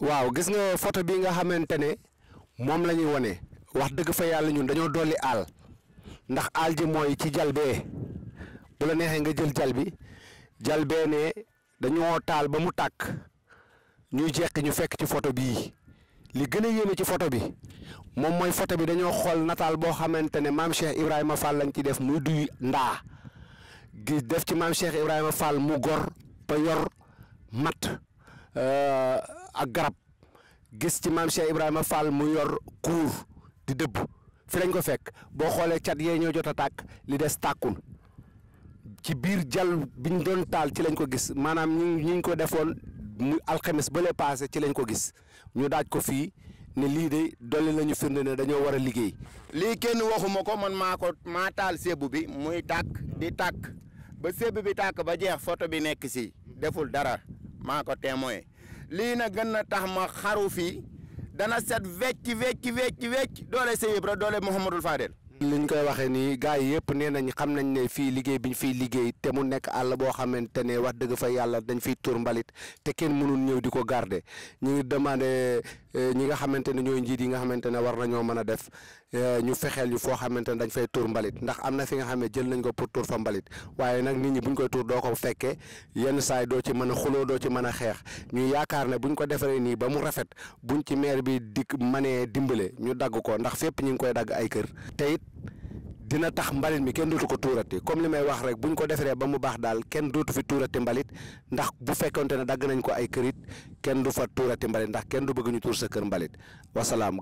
waaw gis nga photo bi nga xamante ne moom la ñuy wane wax dëgg fa yàlla ñun dañoo dolli aal ndax aal ji mooy ci jal bu la neexee nga jël jal bi jal ne dañoo taal ba mu tàkk ñuy jekki ñu fekk ci photo bii li gën a yéeme ci photo bi moom mooy photo bi dañoo xool nataal boo xamante ne maam Cheikh Ibrahima Fall lañ ci def muy duy ndaa gi def ci maam Cheikh Ibrahima Fall mu gor ba yor mat. Euh, ak garab gis ci maam Cheikh Ibrahima Fall mu yor kuur di dëbb fi lañ ko fekk boo xoolee cat yee ñoo jot a tàkk li des tàkkul ci biir jal biñ doon taal ci lañ ko gis maanaam ñu ñu ko defoon mu alxames ba lee passé ci lañ ko gis ñu daaj ko fii ne lii de dolli lañu firnde ne dañoo war a liggéey. lii kenn waxuma ko man maa ko maa taal sébu bi muy tàkk di tàkk ba sébu bi tàkk ba jeex photo bi nekk si deful dara maa ko témoin lii na gën na tax ma xaru fii dana set wecc wecc wecc wecc doole Seye Ibra doole Mouhamadul Fadel. li ñu koy waxee nii gars yi yëpp nee nañ xam nañ ne fii liggéey bi ñu fiy liggéey te mu nekk àll boo xamante ne wax dëgg fa yàlla dañ fi tur mbalit te kenn mënul ñëw di ko garder ñu ngi demander Eh, ñi nga xamante ne ñooy njiit yi nga xamante ne war nañoo mën a def eh, ñu fexeel ñu foo xamante ne dañ fay tuur mbalit ndax am na fi nga xam ne jël nañ ko pour tuur fa mbalit waaye nag nit ñi buñ koy tuur doo ko fekkee yenn saay doo ci mën a xuloo doo ci mën a xeex ñu yaakaar ne buñ ko defaree nii ba mu rafet buñ ci maire bi dikk mënee dimbale ñu dagg ko ndax fépp ñu ngi koy dagg ay kër te dina tax mbalit mi kenn dootu ko tuurati comme li may wax rek buñ ko defaree ba mu baax daal kenn dootu fi tuurati mbalit ndax bu fekkonte ne dagg nañ ko ay kërit kenn du fa tuurati mbalit ndax kenn du bëgguñu ñu tuur sa kër mbalit wasalaam.